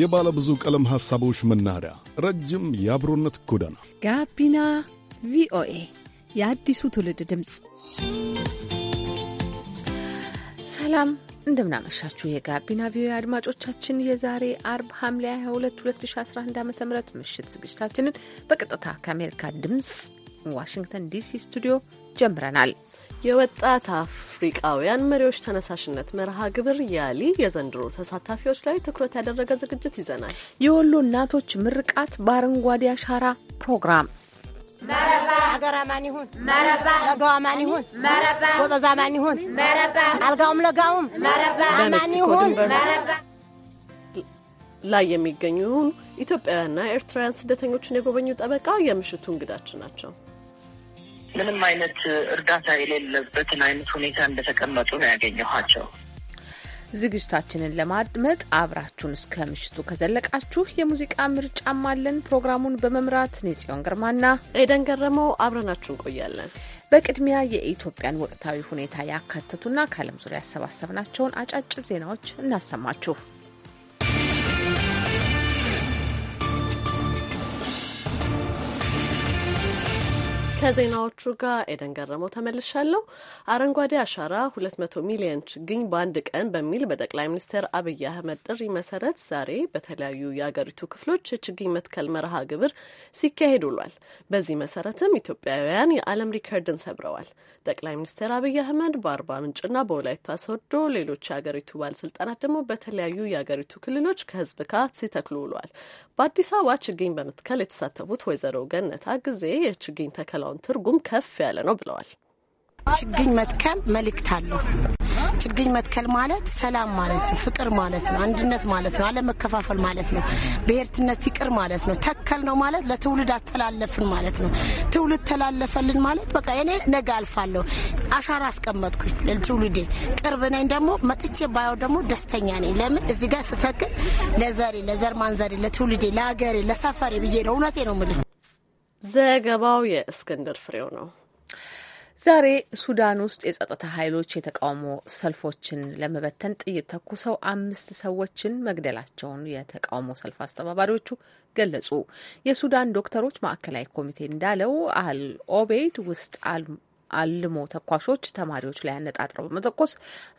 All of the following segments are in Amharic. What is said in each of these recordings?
የባለ ብዙ ቀለም ሐሳቦች መናኸሪያ፣ ረጅም የአብሮነት ጎዳና፣ ጋቢና ቪኦኤ የአዲሱ ትውልድ ድምፅ። ሰላም እንደምናመሻችሁ የጋቢና ቪኦኤ አድማጮቻችን፣ የዛሬ አርብ ሐምሌ 22 2011 ዓ ም ምሽት ዝግጅታችንን በቀጥታ ከአሜሪካ ድምፅ ዋሽንግተን ዲሲ ስቱዲዮ ጀምረናል። የወጣት አፍሪቃውያን መሪዎች ተነሳሽነት መርሃ ግብር ያሊ የዘንድሮ ተሳታፊዎች ላይ ትኩረት ያደረገ ዝግጅት ይዘናል። የወሎ እናቶች ምርቃት በአረንጓዴ አሻራ ፕሮግራም ላይ የሚገኙ ኢትዮጵያውያንና ኤርትራውያን ስደተኞችን የጎበኙ ጠበቃ የምሽቱ እንግዳችን ናቸው። ምንም አይነት እርዳታ የሌለበትን አይነት ሁኔታ እንደተቀመጡ ነው ያገኘኋቸው። ዝግጅታችንን ለማድመጥ አብራችሁን እስከ ምሽቱ ከዘለቃችሁ የሙዚቃ ምርጫም አለን። ፕሮግራሙን በመምራት ኔጽዮን ግርማና ኤደን ገረመው አብረናችሁ እንቆያለን። በቅድሚያ የኢትዮጵያን ወቅታዊ ሁኔታ ያካተቱና ከዓለም ዙሪያ ያሰባሰብናቸውን አጫጭር ዜናዎች እናሰማችሁ። ከዜናዎቹ ጋር ኤደን ገረመው ተመልሻለሁ። አረንጓዴ አሻራ መቶ ሚሊዮን ችግኝ በአንድ ቀን በሚል በጠቅላይ ሚኒስትር አብይ አህመድ ጥሪ መሰረት ዛሬ በተለያዩ የአገሪቱ ክፍሎች የችግኝ መትከል መርሃ ግብር ሲካሄድ ውሏል። በዚህ መሰረትም ኢትዮጵያውያን የዓለም ሪከርድን ሰብረዋል። ጠቅላይ ሚኒስትር አብይ አህመድ በአርባ ምንጭና በወላይታ ሶዶ፣ ሌሎች የአገሪቱ ባለስልጣናት ደግሞ በተለያዩ የአገሪቱ ክልሎች ከህዝብ ጋር ሲተክሉ ውሏል። በአዲስ አበባ ችግኝ በመትከል የተሳተፉት ወይዘሮ ገነታ ጊዜ የችግኝ ተከላው ያለውን ትርጉም ከፍ ያለ ነው ብለዋል። ችግኝ መትከል መልእክት አለሁ። ችግኝ መትከል ማለት ሰላም ማለት ነው፣ ፍቅር ማለት ነው፣ አንድነት ማለት ነው፣ አለመከፋፈል ማለት ነው፣ ብሔርትነት ይቅር ማለት ነው። ተከል ነው ማለት ለትውልድ አተላለፍን ማለት ነው። ትውልድ ተላለፈልን ማለት በቃ እኔ ነገ አልፋለሁ፣ አሻራ አስቀመጥኩኝ ለትውልዴ። ቅርብ ነኝ ደግሞ መጥቼ ባየው ደግሞ ደስተኛ ነኝ። ለምን እዚህ ጋር ስተክል ለዘሬ ለዘር ማንዘሬ ለትውልዴ፣ ለአገሬ፣ ለሰፈሬ ብዬ ነው። እውነቴ ነው የምልህ ዘገባው የእስክንድር ፍሬው ነው። ዛሬ ሱዳን ውስጥ የጸጥታ ኃይሎች የተቃውሞ ሰልፎችን ለመበተን ጥይት ተኩሰው አምስት ሰዎችን መግደላቸውን የተቃውሞ ሰልፍ አስተባባሪዎቹ ገለጹ። የሱዳን ዶክተሮች ማዕከላዊ ኮሚቴ እንዳለው አል ኦቤይድ ውስጥ አልሞ ተኳሾች ተማሪዎች ላይ አነጣጥረው በመተኮስ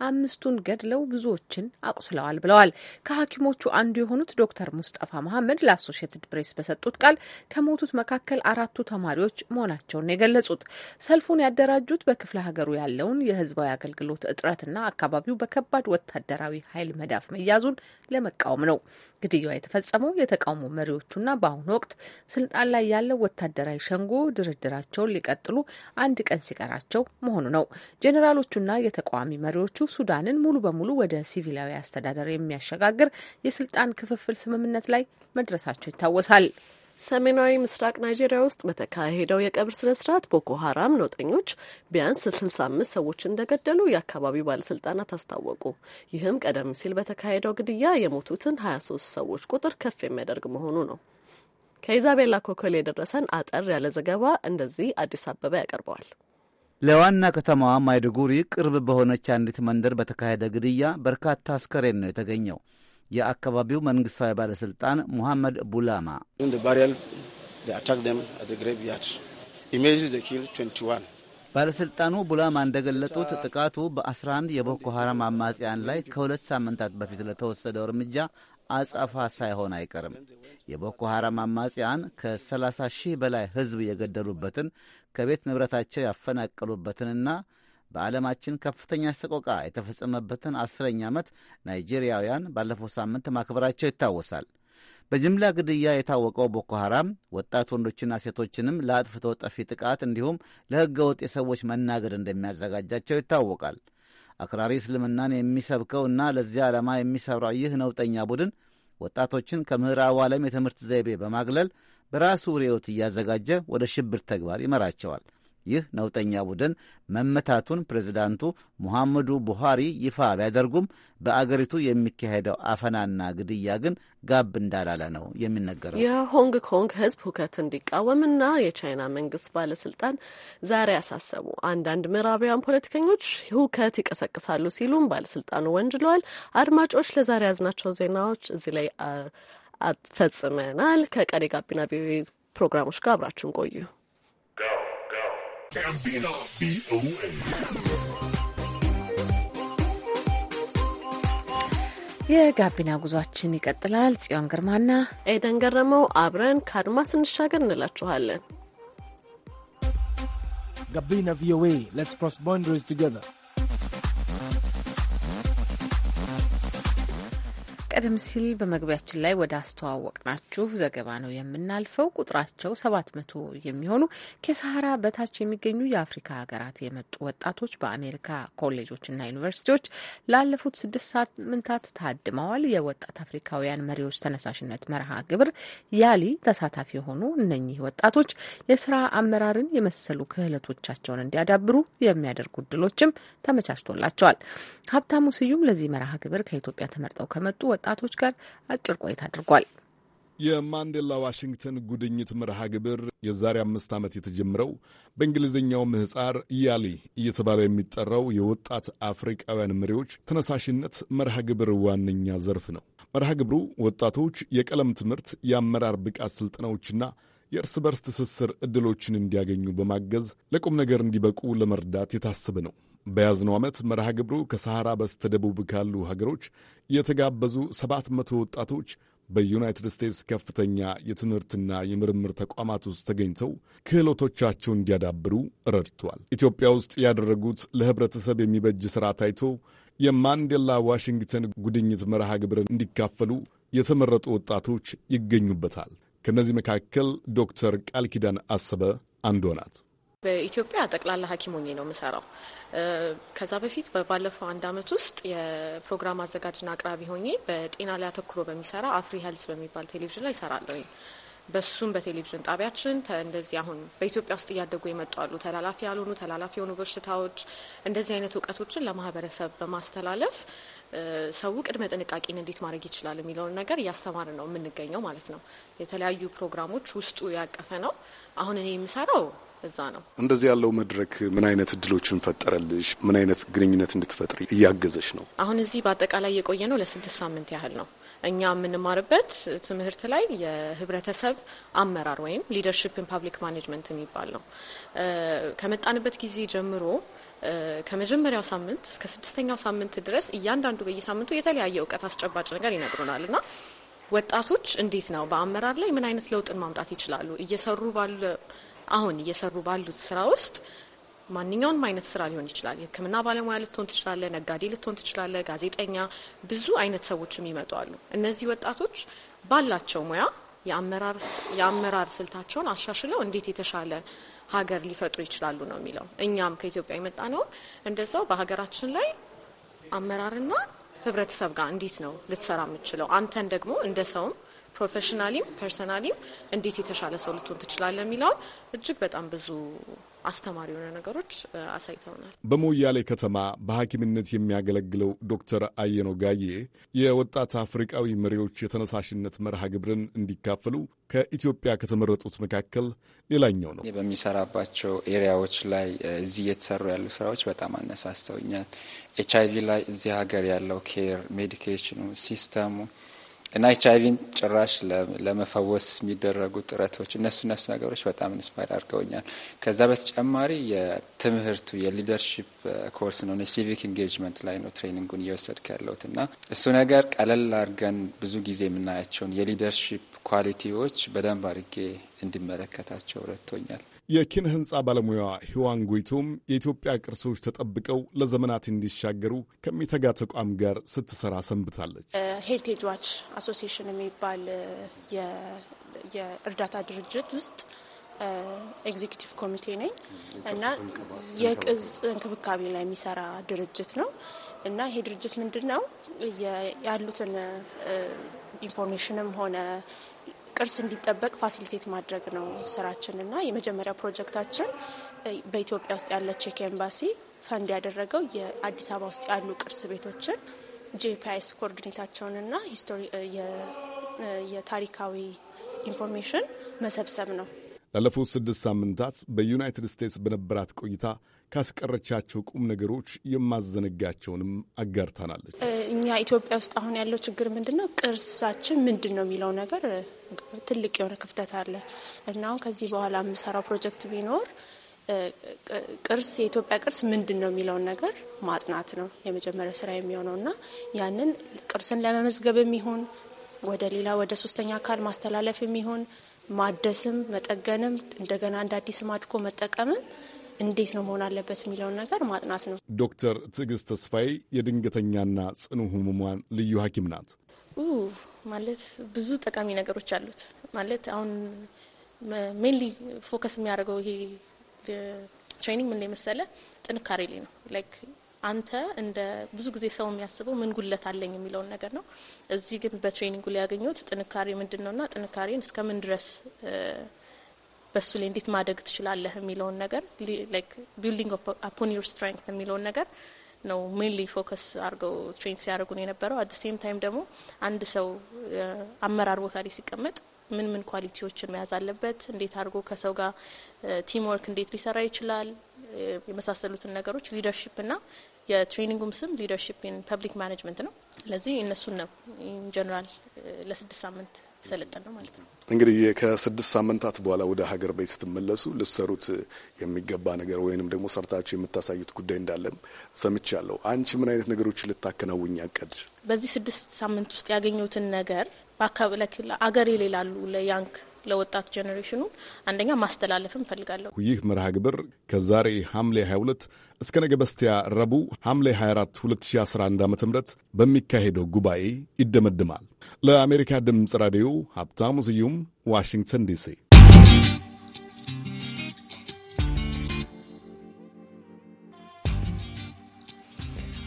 አምስቱን ገድለው ብዙዎችን አቁስለዋል ብለዋል። ከሐኪሞቹ አንዱ የሆኑት ዶክተር ሙስጠፋ መሐመድ ለአሶሽትድ ፕሬስ በሰጡት ቃል ከሞቱት መካከል አራቱ ተማሪዎች መሆናቸውን የገለጹት ሰልፉን ያደራጁት በክፍለ ሀገሩ ያለውን የህዝባዊ አገልግሎት እጥረትና አካባቢው በከባድ ወታደራዊ ኃይል መዳፍ መያዙን ለመቃወም ነው። ግድያ የተፈጸመው የተቃውሞ መሪዎቹና በአሁኑ ወቅት ስልጣን ላይ ያለው ወታደራዊ ሸንጎ ድርድራቸውን ሊቀጥሉ አንድ ቀን ሲ ሲቀራቸው መሆኑ ነው። ጄኔራሎቹና የተቃዋሚ መሪዎቹ ሱዳንን ሙሉ በሙሉ ወደ ሲቪላዊ አስተዳደር የሚያሸጋግር የስልጣን ክፍፍል ስምምነት ላይ መድረሳቸው ይታወሳል። ሰሜናዊ ምስራቅ ናይጄሪያ ውስጥ በተካሄደው የቀብር ስነ ስርዓት ቦኮ ሀራም ነውጠኞች ቢያንስ ስልሳ አምስት ሰዎች እንደገደሉ የአካባቢው ባለስልጣናት አስታወቁ። ይህም ቀደም ሲል በተካሄደው ግድያ የሞቱትን ሀያ ሶስት ሰዎች ቁጥር ከፍ የሚያደርግ መሆኑ ነው። ከኢዛቤላ ኮኮል የደረሰን አጠር ያለ ዘገባ እንደዚህ አዲስ አበባ ያቀርበዋል። ለዋና ከተማዋ ማይድጉሪ ቅርብ በሆነች አንዲት መንደር በተካሄደ ግድያ በርካታ አስከሬን ነው የተገኘው። የአካባቢው መንግሥታዊ ባለሥልጣን ሙሐመድ ቡላማ ባለሥልጣኑ ቡላማ እንደገለጡት ጥቃቱ በ11 የቦኮ ሐራም አማጽያን ላይ ከሁለት ሳምንታት በፊት ለተወሰደው እርምጃ አጸፋ ሳይሆን አይቀርም። የቦኮ ሐራም አማጽያን ከ30 ሺህ በላይ ሕዝብ የገደሉበትን ከቤት ንብረታቸው ያፈናቀሉበትንና በዓለማችን ከፍተኛ ሰቆቃ የተፈጸመበትን አስረኛ ዓመት ናይጄሪያውያን ባለፈው ሳምንት ማክበራቸው ይታወሳል። በጅምላ ግድያ የታወቀው ቦኮ ሐራም ወጣት ወንዶችና ሴቶችንም ለአጥፍቶ ጠፊ ጥቃት እንዲሁም ለሕገ ወጥ የሰዎች መናገድ እንደሚያዘጋጃቸው ይታወቃል። አክራሪ እስልምናን የሚሰብከውና ለዚያ ዓላማ የሚሰራው ይህ ነውጠኛ ቡድን ወጣቶችን ከምዕራቡ ዓለም የትምህርት ዘይቤ በማግለል በራሱ ርዕዮት እያዘጋጀ ወደ ሽብር ተግባር ይመራቸዋል። ይህ ነውጠኛ ቡድን መመታቱን ፕሬዚዳንቱ ሙሐመዱ ቡሃሪ ይፋ ቢያደርጉም በአገሪቱ የሚካሄደው አፈናና ግድያ ግን ጋብ እንዳላለ ነው የሚነገረው። የሆንግ ኮንግ ሕዝብ ሁከት እንዲቃወምና የቻይና መንግስት ባለስልጣን ዛሬ ያሳሰቡ አንዳንድ ምዕራባውያን ፖለቲከኞች ሁከት ይቀሰቅሳሉ ሲሉም ባለስልጣኑ ወንጅለዋል። አድማጮች ለዛሬ ያዝናቸው ዜናዎች እዚህ ላይ ፈጽመናል። ከቀሪ ጋቢና ቪኦኤ ፕሮግራሞች ጋር አብራችሁን ቆዩ። የጋቢና ጉዟችን ይቀጥላል። ጽዮን ግርማና ኤደን ገረመው አብረን ከአድማ ስንሻገር እንላችኋለን። ጋቢና ቪኦኤ ሌትስ ክሮስ ባውንደሪስ ቱጌዘር ቀደም ሲል በመግቢያችን ላይ ወደ አስተዋወቅናችሁ ዘገባ ነው የምናልፈው። ቁጥራቸው ሰባት መቶ የሚሆኑ ከሰሃራ በታች የሚገኙ የአፍሪካ ሀገራት የመጡ ወጣቶች በአሜሪካ ኮሌጆችና ዩኒቨርሲቲዎች ላለፉት ስድስት ሳምንታት ታድመዋል። የወጣት አፍሪካውያን መሪዎች ተነሳሽነት መርሃ ግብር ያሊ ተሳታፊ የሆኑ እነኚህ ወጣቶች የስራ አመራርን የመሰሉ ክህለቶቻቸውን እንዲያዳብሩ የሚያደርጉ እድሎችም ተመቻችቶላቸዋል። ሀብታሙ ስዩም ለዚህ መርሃ ግብር ከኢትዮጵያ ተመርጠው ከመጡ ወጣቶች ጋር አጭር ቆይታ አድርጓል። የማንዴላ ዋሽንግተን ጉድኝት መርሃ ግብር የዛሬ አምስት ዓመት የተጀመረው በእንግሊዝኛው ምህፃር ያሊ እየተባለ የሚጠራው የወጣት አፍሪቃውያን መሪዎች ተነሳሽነት መርሃ ግብር ዋነኛ ዘርፍ ነው። መርሃ ግብሩ ወጣቶች የቀለም ትምህርት፣ የአመራር ብቃት ስልጠናዎችና የእርስ በርስ ትስስር ዕድሎችን እንዲያገኙ በማገዝ ለቁም ነገር እንዲበቁ ለመርዳት የታሰበ ነው። በያዝነው ዓመት መርሃ ግብሩ ከሰሐራ በስተደቡብ ካሉ ሀገሮች የተጋበዙ ሰባት መቶ ወጣቶች በዩናይትድ ስቴትስ ከፍተኛ የትምህርትና የምርምር ተቋማት ውስጥ ተገኝተው ክህሎቶቻቸውን እንዲያዳብሩ ረድቷል። ኢትዮጵያ ውስጥ ያደረጉት ለህብረተሰብ የሚበጅ ሥራ ታይቶ የማንዴላ ዋሽንግተን ጉድኝት መርሃ ግብርን እንዲካፈሉ የተመረጡ ወጣቶች ይገኙበታል። ከእነዚህ መካከል ዶክተር ቃልኪዳን አሰበ አንዷ ናት። በኢትዮጵያ ጠቅላላ ሐኪም ሆኜ ነው የምሰራው። ከዛ በፊት ባለፈው አንድ አመት ውስጥ የፕሮግራም አዘጋጅና አቅራቢ ሆኜ በጤና ላይ አተኩሮ በሚሰራ አፍሪ ሄልስ በሚባል ቴሌቪዥን ላይ ይሰራለሁ። በሱም በቴሌቪዥን ጣቢያችን እንደዚህ አሁን በኢትዮጵያ ውስጥ እያደጉ የመጡ አሉ ተላላፊ ያልሆኑ ተላላፊ የሆኑ በሽታዎች እንደዚህ አይነት እውቀቶችን ለማህበረሰብ በማስተላለፍ ሰው ቅድመ ጥንቃቄን እንዴት ማድረግ ይችላል የሚለውን ነገር እያስተማር ነው የምንገኘው ማለት ነው። የተለያዩ ፕሮግራሞች ውስጡ ያቀፈ ነው። አሁን እኔ የምሰራው እዛ ነው። እንደዚህ ያለው መድረክ ምን አይነት እድሎችን ፈጠረልሽ? ምን አይነት ግንኙነት እንድትፈጥር እያገዘች ነው? አሁን እዚህ በአጠቃላይ የቆየ ነው ለስድስት ሳምንት ያህል ነው። እኛ የምንማርበት ትምህርት ላይ የህብረተሰብ አመራር ወይም ሊደርሽፕን ፓብሊክ ማኔጅመንት የሚባል ነው። ከመጣንበት ጊዜ ጀምሮ ከመጀመሪያው ሳምንት እስከ ስድስተኛው ሳምንት ድረስ እያንዳንዱ በየሳምንቱ የተለያየ እውቀት አስጨባጭ ነገር ይነግሩናል እና ወጣቶች እንዴት ነው በአመራር ላይ ምን አይነት ለውጥን ማምጣት ይችላሉ? እየሰሩ ባለ አሁን እየሰሩ ባሉት ስራ ውስጥ ማንኛውንም አይነት ስራ ሊሆን ይችላል። የሕክምና ባለሙያ ልትሆን ትችላለ፣ ነጋዴ ልትሆን ትችላለ፣ ጋዜጠኛ፣ ብዙ አይነት ሰዎችም ይመጡ አሉ። እነዚህ ወጣቶች ባላቸው ሙያ የአመራር ስልታቸውን አሻሽለው እንዴት የተሻለ ሀገር ሊፈጥሩ ይችላሉ ነው የሚለው። እኛም ከኢትዮጵያ የመጣ ነው እንደዛው በሀገራችን ላይ አመራርና ህብረተሰብ ጋር እንዴት ነው ልትሰራ የምችለው አንተን ደግሞ እንደ ሰውም ፕሮፌሽናሊም ፐርሰናሊም እንዴት የተሻለ ሰው ልትሆን ትችላለ የሚለውን እጅግ በጣም ብዙ አስተማሪ የሆነ ነገሮች አሳይተውናል። በሞያሌ ከተማ በሐኪምነት የሚያገለግለው ዶክተር አየኖ ጋዬ የወጣት አፍሪቃዊ መሪዎች የተነሳሽነት መርሃ ግብርን እንዲካፈሉ ከኢትዮጵያ ከተመረጡት መካከል ሌላኛው ነው። በሚሰራባቸው ኤሪያዎች ላይ እዚህ እየተሰሩ ያሉ ስራዎች በጣም አነሳስተውኛል። ኤች አይቪ ላይ እዚህ ሀገር ያለው ኬር ሜዲኬሽኑ ሲስተሙ እና ኤች አይቪን ጭራሽ ለመፈወስ የሚደረጉ ጥረቶች እነሱ እነሱ ነገሮች በጣም ኢንስፓይር አድርገውኛል። ከዛ በተጨማሪ የትምህርቱ የሊደርሺፕ ኮርስ ነው ሲቪክ ኢንጌጅመንት ላይ ነው ትሬኒንጉን እየወሰድክ ያለሁት እና እሱ ነገር ቀለል አድርገን ብዙ ጊዜ የምናያቸውን የሊደርሺፕ ኳሊቲዎች በደንብ አድርጌ እንዲመለከታቸው ረድቶኛል። የኪነ ህንፃ ባለሙያ ሂዋን ጎይቶም የኢትዮጵያ ቅርሶች ተጠብቀው ለዘመናት እንዲሻገሩ ከሚተጋ ተቋም ጋር ስትሰራ ሰንብታለች። ሄሪቴጅ ዋች አሶሲሽን የሚባል የእርዳታ ድርጅት ውስጥ ኤግዚኪቲቭ ኮሚቴ ነኝ እና የቅጽ እንክብካቤ ላይ የሚሰራ ድርጅት ነው እና ይሄ ድርጅት ምንድን ነው ያሉትን ኢንፎርሜሽንም ሆነ ቅርስ እንዲጠበቅ ፋሲሊቴት ማድረግ ነው ስራችን እና የመጀመሪያ ፕሮጀክታችን በኢትዮጵያ ውስጥ ያለ ቼክ ኤምባሲ ፈንድ ያደረገው የአዲስ አበባ ውስጥ ያሉ ቅርስ ቤቶችን ጂፒኤስ ኮኦርዲኔታቸውንና የታሪካዊ ኢንፎርሜሽን መሰብሰብ ነው። ላለፉት ስድስት ሳምንታት በዩናይትድ ስቴትስ በነበራት ቆይታ ካስቀረቻቸው ቁም ነገሮች የማዘነጋቸውንም አጋርታናለች። እኛ ኢትዮጵያ ውስጥ አሁን ያለው ችግር ምንድን ነው፣ ቅርሳችን ምንድን ነው የሚለው ነገር ትልቅ የሆነ ክፍተት አለ እና አሁን ከዚህ በኋላ የምሰራው ፕሮጀክት ቢኖር ቅርስ የኢትዮጵያ ቅርስ ምንድን ነው የሚለውን ነገር ማጥናት ነው የመጀመሪያው ስራ የሚሆነው እና ያንን ቅርስን ለመመዝገብ የሚሆን ወደ ሌላ ወደ ሶስተኛ አካል ማስተላለፍ የሚሆን ማደስም መጠገንም እንደገና እንደ አዲስም አድጎ መጠቀምም እንዴት ነው መሆን አለበት የሚለውን ነገር ማጥናት ነው። ዶክተር ትዕግስት ተስፋዬ የድንገተኛና ጽኑ ህሙማን ልዩ ሐኪም ናት። ማለት ብዙ ጠቃሚ ነገሮች አሉት። ማለት አሁን ሜንሊ ፎከስ የሚያደርገው ይሄ ትሬኒንግ ምን ላይ መሰለ ጥንካሬ ላይ ነው ላይክ አንተ እንደ ብዙ ጊዜ ሰው የሚያስበው ምን ጉለት አለኝ የሚለውን ነገር ነው። እዚህ ግን በትሬኒንጉ ላይ ያገኘሁት ጥንካሬ ምንድን ና ጥንካሬን እስከ ምን ድረስ በሱ ላይ እንዴት ማደግ ትችላለህ የሚለውን ነገር ቢልዲንግ አፖን ዩር ስትሬንግት የሚለውን ነገር ነው ሜንሊ ፎከስ አድርገው ትሬን ሲያደርጉን የነበረው። አት ሴም ታይም ደግሞ አንድ ሰው አመራር ቦታ ላይ ሲቀመጥ ምን ምን ኳሊቲዎችን መያዝ አለበት፣ እንዴት አድርጎ ከሰው ጋር ቲም ወርክ እንዴት ሊሰራ ይችላል የመሳሰሉትን ነገሮች ሊደርሽፕና የትሬኒንጉም ስም ሊደርሽፕ ኢን ፐብሊክ ማኔጅመንት ነው። ስለዚህ እነሱን ነው ጀነራል ለስድስት ሳምንት የሰለጠን ነው ማለት ነው። እንግዲህ ከስድስት ሳምንታት በኋላ ወደ ሀገር ቤት ስትመለሱ ልሰሩት የሚገባ ነገር ወይንም ደግሞ ሰርታችሁ የምታሳዩት ጉዳይ እንዳለም ሰምቻለሁ። አንቺ ምን አይነት ነገሮች ልታከናውኝ ያቀድ? በዚህ ስድስት ሳምንት ውስጥ ያገኘሁትን ነገር በአካባቢ አገር ላሉ ለያንክ ለወጣት ጀኔሬሽኑ አንደኛ ማስተላለፍ እንፈልጋለሁ። ይህ መርሃ ግብር ከዛሬ ሐምሌ 22 እስከ ነገ በስቲያ ረቡዕ ሐምሌ 24 2011 ዓ ም በሚካሄደው ጉባኤ ይደመድማል። ለአሜሪካ ድምፅ ራዲዮ ሀብታሙ ስዩም ዋሽንግተን ዲሲ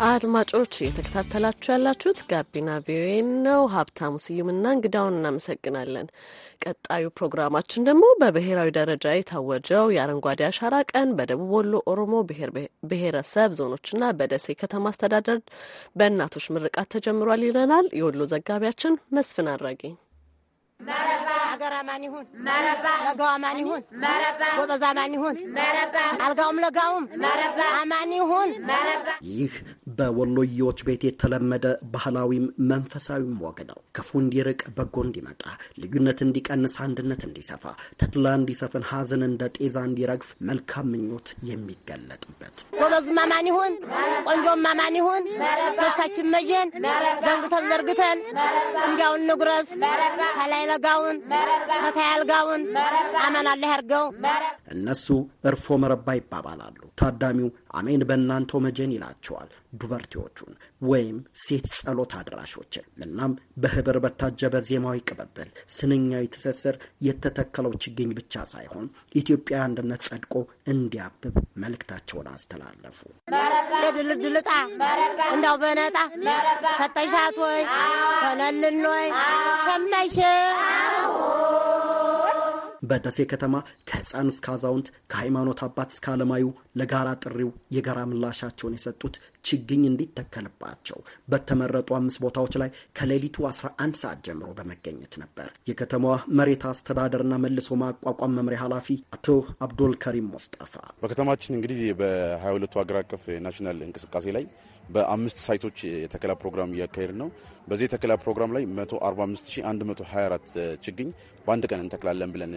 አድማጮች እየተከታተላችሁ ያላችሁት ጋቢና ቪኦኤ ነው። ሀብታሙ ስዩምና እንግዳውን እናመሰግናለን። ቀጣዩ ፕሮግራማችን ደግሞ በብሔራዊ ደረጃ የታወጀው የአረንጓዴ አሻራ ቀን በደቡብ ወሎ ኦሮሞ ብሔረሰብ ዞኖችና በደሴ ከተማ አስተዳደር በእናቶች ምርቃት ተጀምሯል ይለናል የወሎ ዘጋቢያችን መስፍን አድራጊ። ሀገራ ማን ይሁን መረባ ለጋዋ ማን ይሁን መረባ ጎበዛ ማን ይሁን መረባ አልጋውም ለጋውም መረባ አማን ይሁን መረባ። ይህ በወሎዬዎች ቤት የተለመደ ባህላዊም መንፈሳዊም ወግ ነው። ክፉ እንዲርቅ በጎ እንዲመጣ፣ ልዩነት እንዲቀንስ፣ አንድነት እንዲሰፋ፣ ተድላ እንዲሰፍን፣ ሀዘን እንደ ጤዛ እንዲረግፍ፣ መልካም ምኞት የሚገለጥበት ጎበዙማ ማን ይሁን ቆንጆም ማን ይሁን በሳችን መጀን ዘንግተን ዘርግተን እንዲያውን ንጉረስ ከላይ ለጋውን ተከታያልጋውን አመናለህ ያርገው እነሱ እርፎ መረባ ይባባላሉ። ታዳሚው አሜን በእናንተው መጀን ይላቸዋል ዱበርቴዎቹን ወይም ሴት ጸሎት አድራሾችን። እናም በህብር በታጀበ ዜማዊ ቅብብል፣ ስንኛዊ ትስስር የተተከለው ችግኝ ብቻ ሳይሆን ኢትዮጵያ አንድነት ጸድቆ እንዲያብብ መልእክታቸውን አስተላለፉ። ድልድልጣ እንዳው በነጣ ሰጠሻት ወይ ሆነልን ወይ ከመሽ በደሴ ከተማ ከህፃን እስከ አዛውንት ከሃይማኖት አባት እስከ አለማዩ ለጋራ ጥሪው የጋራ ምላሻቸውን የሰጡት ችግኝ እንዲተከልባቸው በተመረጡ አምስት ቦታዎች ላይ ከሌሊቱ 11 ሰዓት ጀምሮ በመገኘት ነበር። የከተማዋ መሬት አስተዳደርና መልሶ ማቋቋም መምሪያ ኃላፊ አቶ አብዶል ከሪም ሙስጠፋ በከተማችን እንግዲህ በ22ቱ ሀገር አቀፍ ናሽናል እንቅስቃሴ ላይ በአምስት ሳይቶች የተከላ ፕሮግራም እያካሄድ ነው። በዚህ የተከላ ፕሮግራም ላይ 145124 ችግኝ በአንድ ቀን እንተክላለን ብለን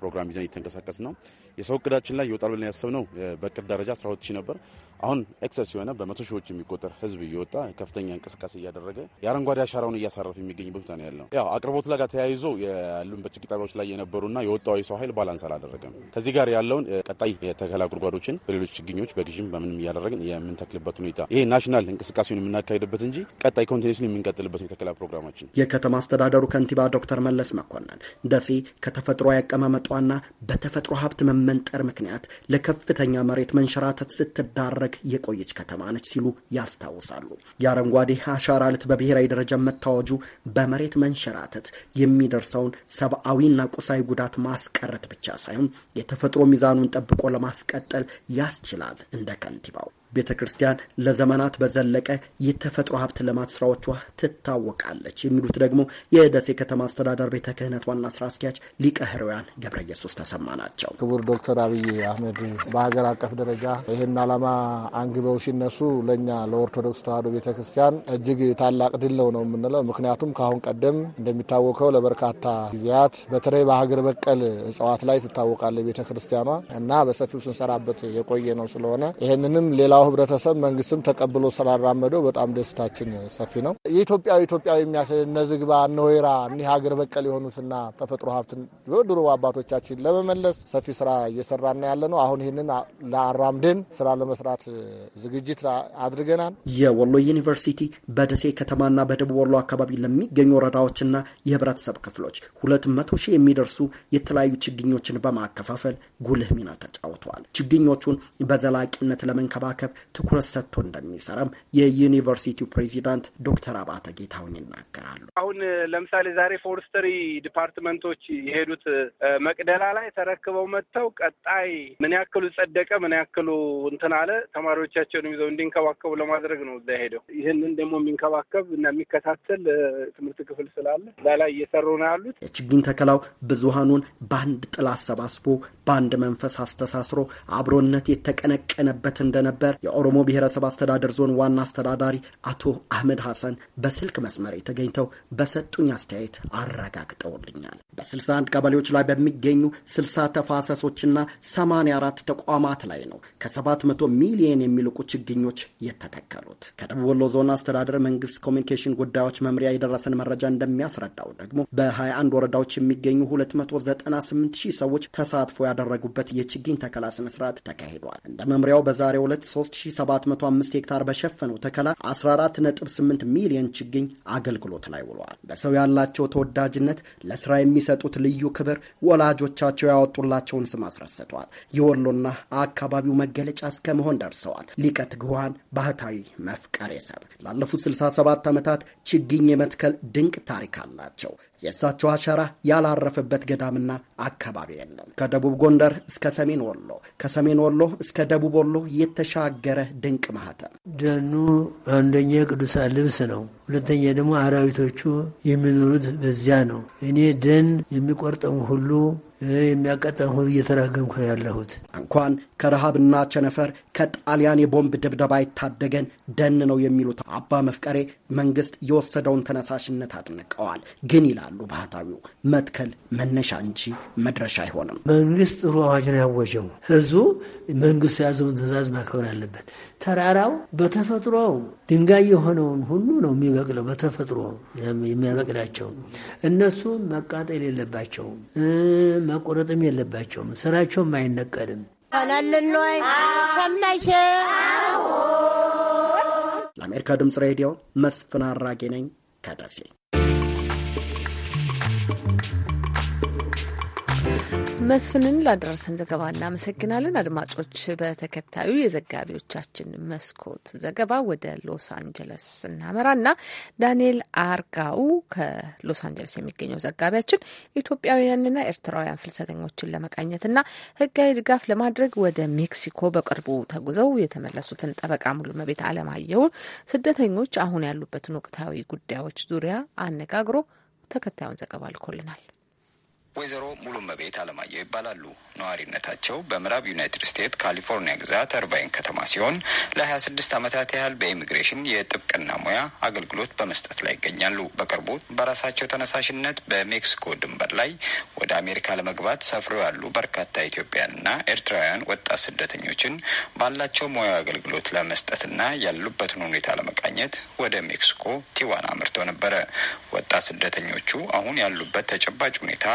ፕሮግራም ይዘን እየተንቀሳቀስ ነው። የሰው እቅዳችን ላይ ይወጣል ብለን ያሰብነው በቅር ደረጃ 12 ነበር። አሁን ኤክሰስ የሆነ በመቶ ሺዎች የሚቆጠር ህዝብ እየወጣ ከፍተኛ እንቅስቃሴ እያደረገ የአረንጓዴ አሻራውን እያሳረፍ የሚገኝበት ሁኔታ ነው ያለው። ያው አቅርቦት ላይ ጋር ተያይዞ ያሉን በችግኝ ጣቢያዎች ላይ የነበሩና የወጣው የሰው ኃይል ባላንስ አላደረገም። ከዚህ ጋር ያለውን ቀጣይ የተከላ ጉድጓዶችን በሌሎች ችግኞች በግዥም በምንም እያደረግን የምንተክልበት ሁኔታ ይሄ ናሽናል እንቅስቃሴውን የምናካሄድበት እንጂ ቀጣይ ኮንቲኔሽን የምንቀጥልበት ነው የተከላ ፕሮግራማችን። የከተማ አስተዳደሩ ከንቲባ ዶክተር መለስ መኮንን ደሴ ከተፈጥሮ ያቀማመጧና በተፈጥሮ ሀብት መመንጠር ምክንያት ለከፍተኛ መሬት መንሸራተት ስትዳረግ የቆየች ከተማ ነች ሲሉ ያስታውሳሉ። የአረንጓዴ አሻራ ልት በብሔራዊ ደረጃ መታወጁ በመሬት መንሸራተት የሚደርሰውን ሰብአዊና ቁሳዊ ጉዳት ማስቀረት ብቻ ሳይሆን የተፈጥሮ ሚዛኑን ጠብቆ ለማስቀጠል ያስችላል እንደ ከንቲባው ቤተ ክርስቲያን ለዘመናት በዘለቀ የተፈጥሮ ሀብት ልማት ስራዎቿ ትታወቃለች የሚሉት ደግሞ የደሴ ከተማ አስተዳደር ቤተ ክህነት ዋና ስራ አስኪያጅ ሊቀ ሕሩያን ገብረ ኢየሱስ ተሰማ ናቸው። ክቡር ዶክተር አብይ አህመድ በሀገር አቀፍ ደረጃ ይህን ዓላማ አንግበው ሲነሱ ለእኛ ለኦርቶዶክስ ተዋህዶ ቤተ ክርስቲያን እጅግ ታላቅ ድል ነው የምንለው። ምክንያቱም ከአሁን ቀደም እንደሚታወቀው ለበርካታ ጊዜያት በተለይ በሀገር በቀል እጽዋት ላይ ትታወቃለች ቤተ ክርስቲያኗ እና በሰፊው ስንሰራበት የቆየ ነው ስለሆነ ይህንንም ሌላው ሌላው ህብረተሰብ መንግስትም ተቀብሎ ስላራመደው በጣም ደስታችን ሰፊ ነው። የኢትዮጵያ ኢትዮጵያዊ የሚያሳይ እነ ዝግባ እኒህ ሀገር በቀል የሆኑትና ተፈጥሮ ሀብትን ድሮ አባቶቻችን ለመመለስ ሰፊ ስራ እየሰራና ያለ ነው። አሁን ይህንን ለአራምደን ስራ ለመስራት ዝግጅት አድርገናል። የወሎ ዩኒቨርሲቲ በደሴ ከተማና በደቡብ ወሎ አካባቢ ለሚገኙ ወረዳዎችና የህብረተሰብ ክፍሎች ሁለት መቶ ሺህ የሚደርሱ የተለያዩ ችግኞችን በማከፋፈል ጉልህ ሚና ተጫውተዋል። ችግኞቹን በዘላቂነት ለመንከባከብ ለማስረከብ ትኩረት ሰጥቶ እንደሚሰራም የዩኒቨርሲቲው ፕሬዚዳንት ዶክተር አባተ ጌታውን ይናገራሉ። አሁን ለምሳሌ ዛሬ ፎረስትሪ ዲፓርትመንቶች የሄዱት መቅደላ ላይ ተረክበው መጥተው ቀጣይ ምን ያክሉ ጸደቀ፣ ምን ያክሉ እንትን አለ ተማሪዎቻቸውን ይዘው እንዲንከባከቡ ለማድረግ ነው እዛ ሄደው ይህንን ደግሞ የሚንከባከብ እና የሚከታተል ትምህርት ክፍል ስላለ እዛ ላይ እየሰሩ ነው ያሉት። የችግኝ ተከላው ብዙሀኑን በአንድ ጥላ አሰባስቦ በአንድ መንፈስ አስተሳስሮ አብሮነት የተቀነቀነበት እንደነበር የኦሮሞ ብሔረሰብ አስተዳደር ዞን ዋና አስተዳዳሪ አቶ አህመድ ሐሰን በስልክ መስመር ተገኝተው በሰጡኝ አስተያየት አረጋግጠውልኛል። በ61 ቀበሌዎች ላይ በሚገኙ 60 ተፋሰሶችና 84 ተቋማት ላይ ነው ከ700 ሚሊየን የሚልቁ ችግኞች የተተከሉት። ከደቡብ ወሎ ዞን አስተዳደር መንግስት ኮሚኒኬሽን ጉዳዮች መምሪያ የደረሰን መረጃ እንደሚያስረዳው ደግሞ በ21 ወረዳዎች የሚገኙ 298 ሺህ ሰዎች ተሳትፎ ያደረጉበት የችግኝ ተከላ ስነስርዓት ተካሂዷል። እንደ መምሪያው በዛሬው ዕለት 33705 ሄክታር በሸፈነው ተከላ 148 ሚሊዮን ችግኝ አገልግሎት ላይ ውሏል። በሰው ያላቸው ተወዳጅነት፣ ለስራ የሚሰጡት ልዩ ክብር ወላጆቻቸው ያወጡላቸውን ስም አስረስተዋል። የወሎና አካባቢው መገለጫ እስከ መሆን ደርሰዋል። ሊቀ ትጉሃን ባህታዊ መፍቀሬ ሰብ ላለፉት 67 ዓመታት ችግኝ የመትከል ድንቅ ታሪክ አላቸው። የእሳቸው አሻራ ያላረፈበት ገዳምና አካባቢ የለም። ከደቡብ ጎንደር እስከ ሰሜን ወሎ፣ ከሰሜን ወሎ እስከ ደቡብ ወሎ የተሻገረ ድንቅ ማህተም። ደኑ አንደኛ የቅዱሳን ልብስ ነው። ሁለተኛ ደግሞ አራዊቶቹ የሚኖሩት በዚያ ነው። እኔ ደን የሚቆርጠው ሁሉ የሚያቀጠም ሁሉ እየተራገምኩ ያለሁት እንኳን ከረሃብና ቸነፈር ከጣሊያን የቦምብ ድብደባ የታደገን ደን ነው የሚሉት አባ መፍቀሬ መንግስት የወሰደውን ተነሳሽነት አድንቀዋል። ግን ይላሉ ባህታዊው መትከል መነሻ እንጂ መድረሻ አይሆንም። መንግስት ጥሩ አዋጅን ያወጀው ህዝቡ መንግስቱ የያዘውን ትእዛዝ ማክበር አለበት። ተራራው በተፈጥሮ ድንጋይ የሆነውን ሁሉ ነው የሚበቅለው። በተፈጥሮ የሚያበቅላቸው እነሱ መቃጠል የለባቸውም፣ መቆረጥም የለባቸውም። ስራቸውም አይነቀልም። ሆነልን ከመሸ? ለአሜሪካ ድምፅ ሬዲዮ መስፍን አራጌ ነኝ ከደሴ። መስፍንን ላደረሰን ዘገባ እናመሰግናለን። አድማጮች፣ በተከታዩ የዘጋቢዎቻችን መስኮት ዘገባ ወደ ሎስ አንጀለስ እና ዳንኤል አርጋው ከሎስ አንጀለስ የሚገኘው ዘጋቢያችን ኢትዮጵያውያንና ኤርትራውያን ፍልሰተኞችን ለመቃኘትና ሕጋዊ ድጋፍ ለማድረግ ወደ ሜክሲኮ በቅርቡ ተጉዘው የተመለሱትን ጠበቃ ሙሉ መቤት አለማየሁ ስደተኞች አሁን ያሉበትን ወቅታዊ ጉዳዮች ዙሪያ አነጋግሮ ተከታዩን ዘገባ አልኮልናል። ወይዘሮ ሙሉ መቤት አለማየሁ ይባላሉ። ነዋሪነታቸው በምዕራብ ዩናይትድ ስቴትስ ካሊፎርኒያ ግዛት አርባይን ከተማ ሲሆን ለሀያ ስድስት ዓመታት ያህል በኢሚግሬሽን የጥብቅና ሙያ አገልግሎት በመስጠት ላይ ይገኛሉ። በቅርቡ በራሳቸው ተነሳሽነት በሜክሲኮ ድንበር ላይ ወደ አሜሪካ ለመግባት ሰፍረው ያሉ በርካታ ኢትዮጵያንና ኤርትራውያን ወጣት ስደተኞችን ባላቸው ሙያዊ አገልግሎት ለመስጠትና ያሉበትን ሁኔታ ለመቃኘት ወደ ሜክሲኮ ቲዋና አምርተው ነበረ። ወጣት ስደተኞቹ አሁን ያሉበት ተጨባጭ ሁኔታ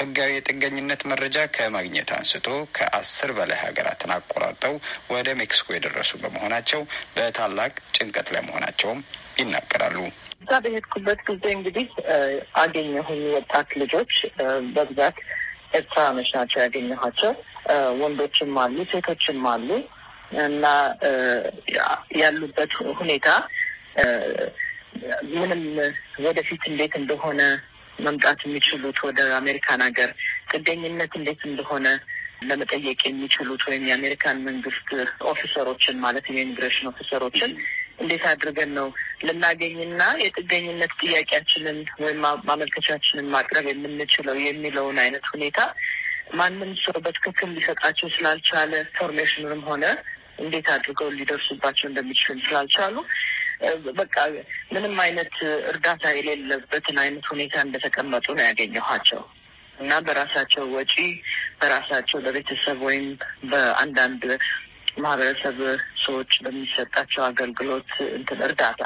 ህጋዊ የጥገኝነት መረጃ ከማግኘት አንስቶ ከአስር በላይ ሀገራትን አቆራርጠው ወደ ሜክሲኮ የደረሱ በመሆናቸው በታላቅ ጭንቀት ላይ መሆናቸውም ይናገራሉ። እዛ በሄድኩበት ጊዜ እንግዲህ አገኘሁኝ ወጣት ልጆች በብዛት ኤርትራኖች ናቸው ያገኘኋቸው። ወንዶችም አሉ፣ ሴቶችም አሉ እና ያሉበት ሁኔታ ምንም ወደፊት እንዴት እንደሆነ መምጣት የሚችሉት ወደ አሜሪካን ሀገር ጥገኝነት እንዴት እንደሆነ ለመጠየቅ የሚችሉት ወይም የአሜሪካን መንግስት ኦፊሰሮችን ማለት የኢሚግሬሽን ኦፊሰሮችን እንዴት አድርገን ነው ልናገኝና የጥገኝነት ጥያቄያችንን ወይም ማመልከቻችንን ማቅረብ የምንችለው የሚለውን አይነት ሁኔታ ማንም ሰው በትክክል ሊሰጣቸው ስላልቻለ ኢንፎርሜሽኑንም ሆነ እንዴት አድርገው ሊደርሱባቸው እንደሚችሉ ስላልቻሉ በቃ ምንም አይነት እርዳታ የሌለበትን አይነት ሁኔታ እንደተቀመጡ ነው ያገኘኋቸው እና በራሳቸው ወጪ በራሳቸው በቤተሰብ ወይም በአንዳንድ ማህበረሰብ ሰዎች በሚሰጣቸው አገልግሎት እንትን እርዳታ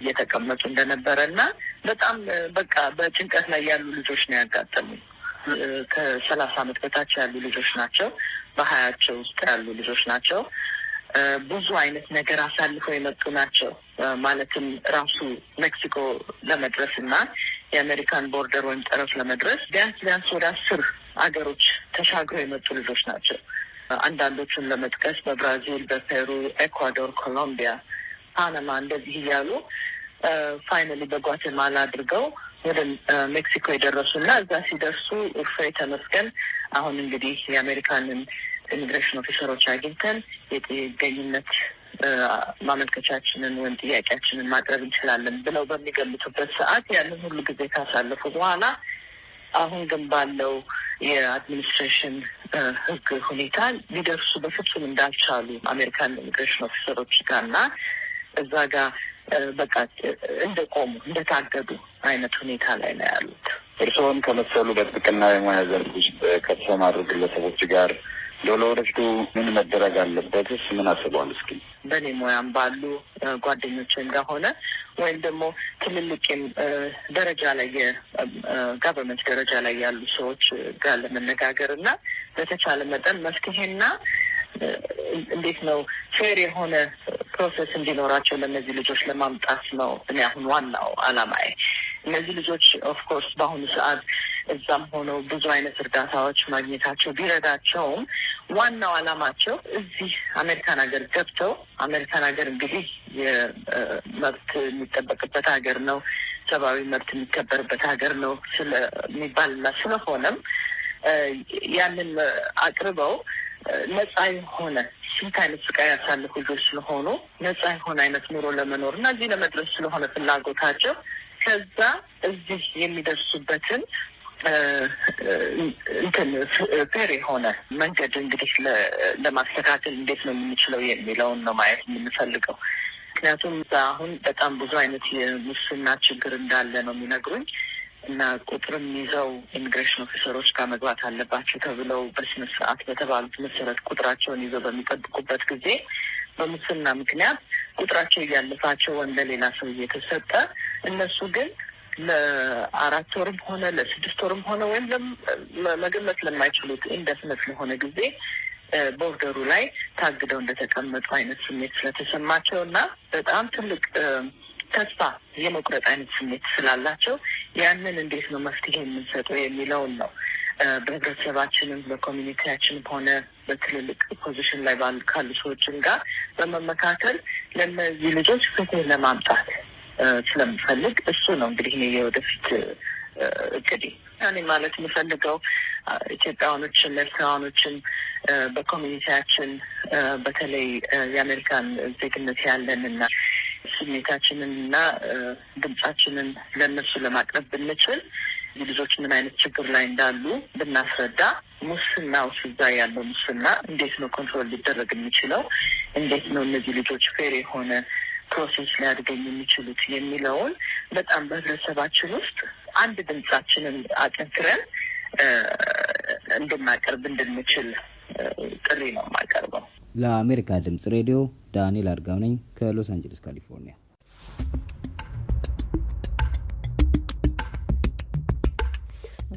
እየተቀመጡ እንደነበረ እና በጣም በቃ በጭንቀት ላይ ያሉ ልጆች ነው ያጋጠሙ ከሰላሳ አመት በታች ያሉ ልጆች ናቸው። በሀያቸው ውስጥ ያሉ ልጆች ናቸው። ብዙ አይነት ነገር አሳልፈው የመጡ ናቸው። ማለትም ራሱ ሜክሲኮ ለመድረስ እና የአሜሪካን ቦርደር ወይም ጠረፍ ለመድረስ ቢያንስ ቢያንስ ወደ አስር አገሮች ተሻግረው የመጡ ልጆች ናቸው። አንዳንዶቹን ለመጥቀስ በብራዚል፣ በፔሩ፣ ኤኳዶር፣ ኮሎምቢያ፣ ፓናማ እንደዚህ እያሉ ፋይናሊ በጓቴማላ አድርገው ወደ ሜክሲኮ የደረሱ እና እዛ ሲደርሱ እፎይ ተመስገን አሁን እንግዲህ የአሜሪካንን ኢሚግሬሽን ኦፊሰሮች አግኝተን የጥገኝነት ማመልከቻችንን ወይም ጥያቄያችንን ማቅረብ እንችላለን ብለው በሚገምቱበት ሰዓት ያንን ሁሉ ጊዜ ካሳለፉ በኋላ አሁን ግን ባለው የአድሚኒስትሬሽን ሕግ ሁኔታ ሊደርሱ በፍጹም እንዳልቻሉ አሜሪካን ኢሚግሬሽን ኦፊሰሮች ጋርና እዛ ጋር በቃ እንደቆሙ እንደታገዱ አይነት ሁኔታ ላይ ነው ያሉት። እርስዎን ከመሰሉ በጥብቅና የሙያ ዘርፍ ውስጥ ከተሰማሩ ግለሰቦች ጋር ለወደፊቱ ምን መደረግ አለበትስ ምን አስበዋል? እስኪ በእኔ ሙያም ባሉ ጓደኞችም ጋር ሆነ ወይም ደግሞ ትልልቅም ደረጃ ላይ የጋቨርንመንት ደረጃ ላይ ያሉ ሰዎች ጋር ለመነጋገር እና በተቻለ መጠን መፍትሄና እንዴት ነው ፌር የሆነ ፕሮሰስ እንዲኖራቸው ለእነዚህ ልጆች ለማምጣት ነው እኔ አሁን ዋናው አላማዬ። እነዚህ ልጆች ኦፍኮርስ በአሁኑ ሰዓት እዛም ሆነው ብዙ አይነት እርዳታዎች ማግኘታቸው ቢረዳቸውም ዋናው አላማቸው እዚህ አሜሪካን ሀገር ገብተው አሜሪካን ሀገር እንግዲህ የመብት የሚጠበቅበት ሀገር ነው፣ ሰብአዊ መብት የሚከበርበት ሀገር ነው ስለሚባልና ስለሆነም ያንን አቅርበው ነጻ የሆነ ስንት አይነት ስቃይ ያሳለፉ ልጆች ስለሆኑ ነጻ የሆነ አይነት ኑሮ ለመኖር እና እዚህ ለመድረስ ስለሆነ ፍላጎታቸው ከዛ እዚህ የሚደርሱበትን እንትን ፌር የሆነ መንገድ እንግዲህ ለማስተካከል እንዴት ነው የምንችለው የሚለውን ነው ማየት የምንፈልገው። ምክንያቱም አሁን በጣም ብዙ አይነት የሙስና ችግር እንዳለ ነው የሚነግሩኝ እና ቁጥርም ይዘው ኢሚግሬሽን ኦፊሰሮች ጋር መግባት አለባቸው ተብለው በስነ ስርዓት በተባሉት መሰረት ቁጥራቸውን ይዘው በሚጠብቁበት ጊዜ በሙስና ምክንያት ቁጥራቸው እያለፋቸው ወንደ ሌላ ሰው እየተሰጠ እነሱ ግን ለአራት ወርም ሆነ ለስድስት ወርም ሆነ ወይም መገመት ለማይችሉት ኢንደፍነት ለሆነ ጊዜ ቦርደሩ ላይ ታግደው እንደተቀመጡ አይነት ስሜት ስለተሰማቸው እና በጣም ትልቅ ተስፋ የመቁረጥ አይነት ስሜት ስላላቸው ያንን እንዴት ነው መፍትሄ የምንሰጠው የሚለውን ነው በህብረተሰባችንም በኮሚኒቲያችንም ሆነ በትልልቅ ፖዚሽን ላይ ካሉ ሰዎችን ጋር በመመካከል ለነዚህ ልጆች ፍትህ ለማምጣት ስለምፈልግ እሱ ነው እንግዲህ ኔ የወደፊት እቅዴ። እኔ ማለት የምፈልገው ኢትዮጵያውያኖችን፣ ኤርትራውያኖችን በኮሚኒቲያችን በተለይ የአሜሪካን ዜግነት ያለንና ስሜታችንን ድምጻችንን ለእነሱ ለማቅረብ ብንችል ልጆች ምን አይነት ችግር ላይ እንዳሉ ብናስረዳ፣ ሙስና ውስጥ እዛ ያለው ሙስና እንዴት ነው ኮንትሮል ሊደረግ የሚችለው? እንዴት ነው እነዚህ ልጆች ፌር የሆነ ፕሮሴስ ሊያድገኝ የሚችሉት የሚለውን በጣም በህብረተሰባችን ውስጥ አንድ ድምጻችንን አጠንክረን እንድናቀርብ እንድንችል ጥሪ ነው የማቀርበው። ለአሜሪካ ድምጽ ሬዲዮ ዳንኤል አርጋው ነኝ ከሎስ አንጀለስ ካሊፎርኒያ።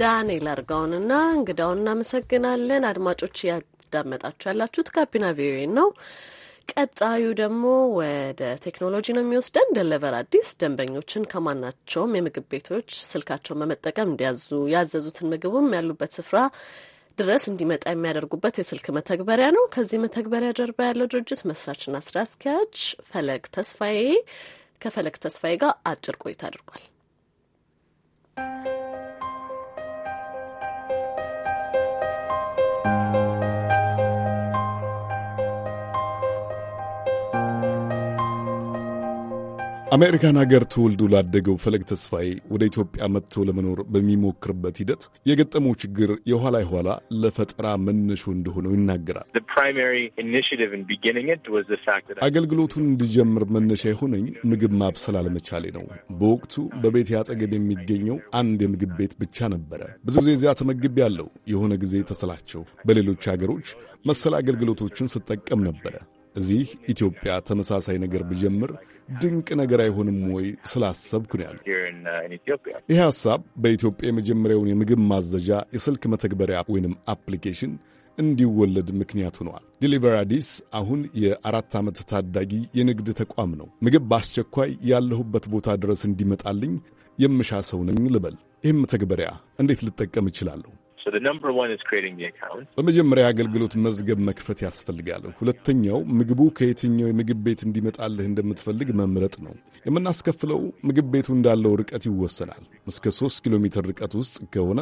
ዳንኤል አርጋውንና እንግዳውን እናመሰግናለን። አድማጮች እያዳመጣችሁ ያላችሁት ጋቢና ቪኦኤ ነው። ቀጣዩ ደግሞ ወደ ቴክኖሎጂ ነው የሚወስደን። ደለቨር አዲስ ደንበኞችን ከማናቸውም የምግብ ቤቶች ስልካቸውን በመጠቀም እንዲያዙ ያዘዙትን ምግቡም ያሉበት ስፍራ ድረስ እንዲመጣ የሚያደርጉበት የስልክ መተግበሪያ ነው። ከዚህ መተግበሪያ ጀርባ ያለው ድርጅት መስራችና ስራ አስኪያጅ ፈለግ ተስፋዬ ከፈለግ ተስፋዬ ጋር አጭር ቆይታ አድርጓል። አሜሪካን ሀገር ተወልዶ ላደገው ፈለግ ተስፋዬ ወደ ኢትዮጵያ መጥቶ ለመኖር በሚሞክርበት ሂደት የገጠመው ችግር የኋላ የኋላ ለፈጠራ መነሾ እንደሆነው ይናገራል። አገልግሎቱን እንዲጀምር መነሻ የሆነኝ ምግብ ማብሰል አለመቻሌ ነው። በወቅቱ በቤት አጠገብ የሚገኘው አንድ የምግብ ቤት ብቻ ነበረ። ብዙ ጊዜ እዚያ ተመግብ ያለው የሆነ ጊዜ ተሰላቸው። በሌሎች ሀገሮች መሰል አገልግሎቶችን ስጠቀም ነበረ። እዚህ ኢትዮጵያ ተመሳሳይ ነገር ብጀምር ድንቅ ነገር አይሆንም ወይ ስላሰብኩ ነው ያለው። uh, ይህ ሐሳብ በኢትዮጵያ የመጀመሪያውን የምግብ ማዘዣ የስልክ መተግበሪያ ወይንም አፕሊኬሽን እንዲወለድ ምክንያት ሆነዋል። ዲሊቨር አዲስ አሁን የአራት ዓመት ታዳጊ የንግድ ተቋም ነው። ምግብ በአስቸኳይ ያለሁበት ቦታ ድረስ እንዲመጣልኝ የምሻ ሰው ነኝ ልበል። ይህም መተግበሪያ እንዴት ልጠቀም እችላለሁ? በመጀመሪያ አገልግሎት መዝገብ መክፈት ያስፈልጋል። ሁለተኛው ምግቡ ከየትኛው የምግብ ቤት እንዲመጣልህ እንደምትፈልግ መምረጥ ነው። የምናስከፍለው ምግብ ቤቱ እንዳለው ርቀት ይወሰናል። እስከ 3 ኪሎ ሜትር ርቀት ውስጥ ከሆነ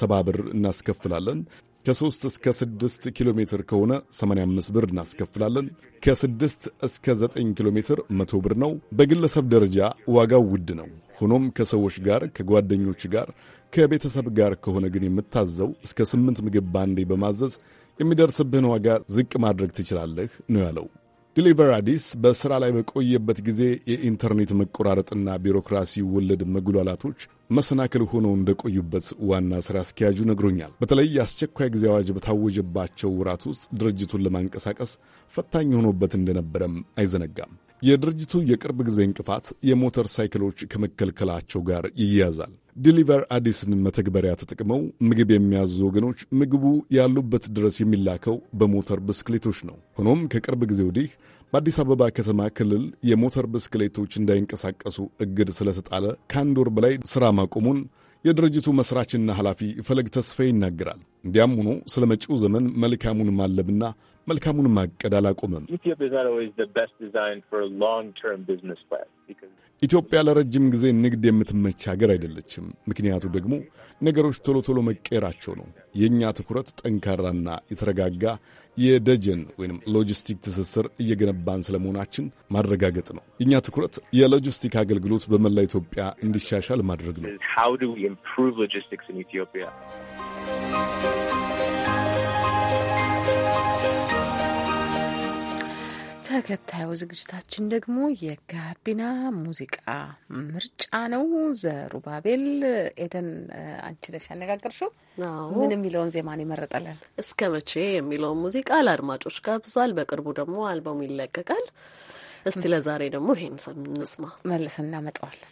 ሰባ ብር እናስከፍላለን። ከ3 እስከ 6 ኪሎ ሜትር ከሆነ 85 ብር እናስከፍላለን። ከ6 እስከ 9 ኪሎ ሜትር 100 ብር ነው። በግለሰብ ደረጃ ዋጋው ውድ ነው። ሆኖም ከሰዎች ጋር ከጓደኞች ጋር ከቤተሰብ ጋር ከሆነ ግን የምታዘው እስከ ስምንት ምግብ ባንዴ በማዘዝ የሚደርስብህን ዋጋ ዝቅ ማድረግ ትችላለህ ነው ያለው። ዲሊቨር አዲስ በሥራ ላይ በቆየበት ጊዜ የኢንተርኔት መቆራረጥና ቢሮክራሲ ወለድ መጉላላቶች መሰናክል ሆነው እንደቆዩበት ዋና ሥራ አስኪያጁ ነግሮኛል። በተለይ የአስቸኳይ ጊዜ አዋጅ በታወጀባቸው ወራት ውስጥ ድርጅቱን ለማንቀሳቀስ ፈታኝ ሆኖበት እንደነበረም አይዘነጋም። የድርጅቱ የቅርብ ጊዜ እንቅፋት የሞተር ሳይክሎች ከመከልከላቸው ጋር ይያያዛል። ዲሊቨር አዲስን መተግበሪያ ተጠቅመው ምግብ የሚያዙ ወገኖች ምግቡ ያሉበት ድረስ የሚላከው በሞተር ብስክሌቶች ነው። ሆኖም ከቅርብ ጊዜ ወዲህ በአዲስ አበባ ከተማ ክልል የሞተር ብስክሌቶች እንዳይንቀሳቀሱ እግድ ስለተጣለ ከአንድ ወር በላይ ሥራ ማቆሙን የድርጅቱ መስራችና ኃላፊ ፈለግ ተስፋዬ ይናገራል። እንዲያም ሆኖ ስለ መጪው ዘመን መልካሙን ማለብና መልካሙንም ማቀድ አላቆመም። ኢትዮጵያ ለረጅም ጊዜ ንግድ የምትመች ሀገር አይደለችም። ምክንያቱ ደግሞ ነገሮች ቶሎ ቶሎ መቀየራቸው ነው። የእኛ ትኩረት ጠንካራና የተረጋጋ የደጀን ወይም ሎጂስቲክ ትስስር እየገነባን ስለመሆናችን ማረጋገጥ ነው። እኛ ትኩረት የሎጂስቲክ አገልግሎት በመላ ኢትዮጵያ እንዲሻሻል ማድረግ ነው። ተከታዩ ዝግጅታችን ደግሞ የጋቢና ሙዚቃ ምርጫ ነው። ዘሩባቤል ኤደን፣ አንቺ ነሽ ያነጋገርሽው። ምን የሚለውን ዜማን ይመረጠለን? እስከ መቼ የሚለውን ሙዚቃ ለአድማጮች ጋብዟል። በቅርቡ ደግሞ አልበሙ ይለቀቃል። እስቲ ለዛሬ ደግሞ ይሄን እንስማ፣ መልስ እናመጣዋለን።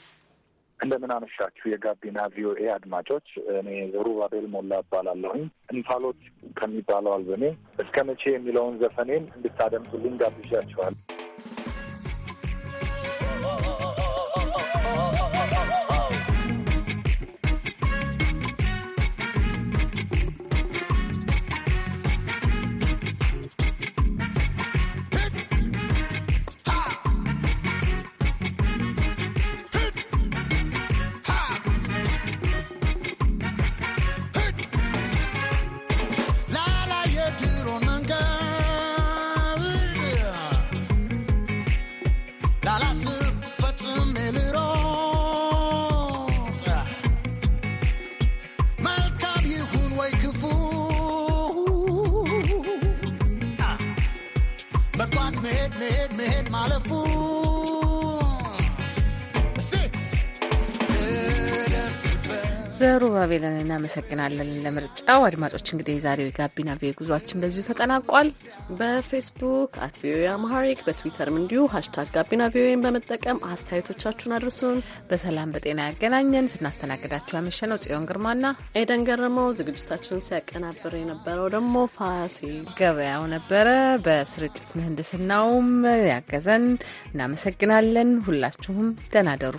እንደምን አመሻችሁ የጋቢና ቪኦኤ አድማጮች። እኔ ሩባቤል ሞላ እባላለሁኝ። እንፋሎት ከሚባለው አልበሜ እስከ መቼ የሚለውን ዘፈኔን እንድታደምጡልኝ ጋብዣችኋል። አቤለን እናመሰግናለን ለምርጫው። አድማጮች እንግዲህ የዛሬው የጋቢና ቪ ጉዟችን በዚሁ ተጠናቋል። በፌስቡክ አት ቪኦኤ አማሃሪክ በትዊተርም እንዲሁ ሀሽታግ ጋቢና ቪኦኤን በመጠቀም አስተያየቶቻችሁን አድርሱን። በሰላም በጤና ያገናኘን። ስናስተናግዳችሁ ነው ጽዮን ግርማና ኤደን ገረመው፣ ዝግጅታችን ሲያቀናብር የነበረው ደግሞ ፋሲል ገበያው ነበረ። በስርጭት ምህንድስናውም ያገዘን እናመሰግናለን። ሁላችሁም ደናደሩ ደሩ።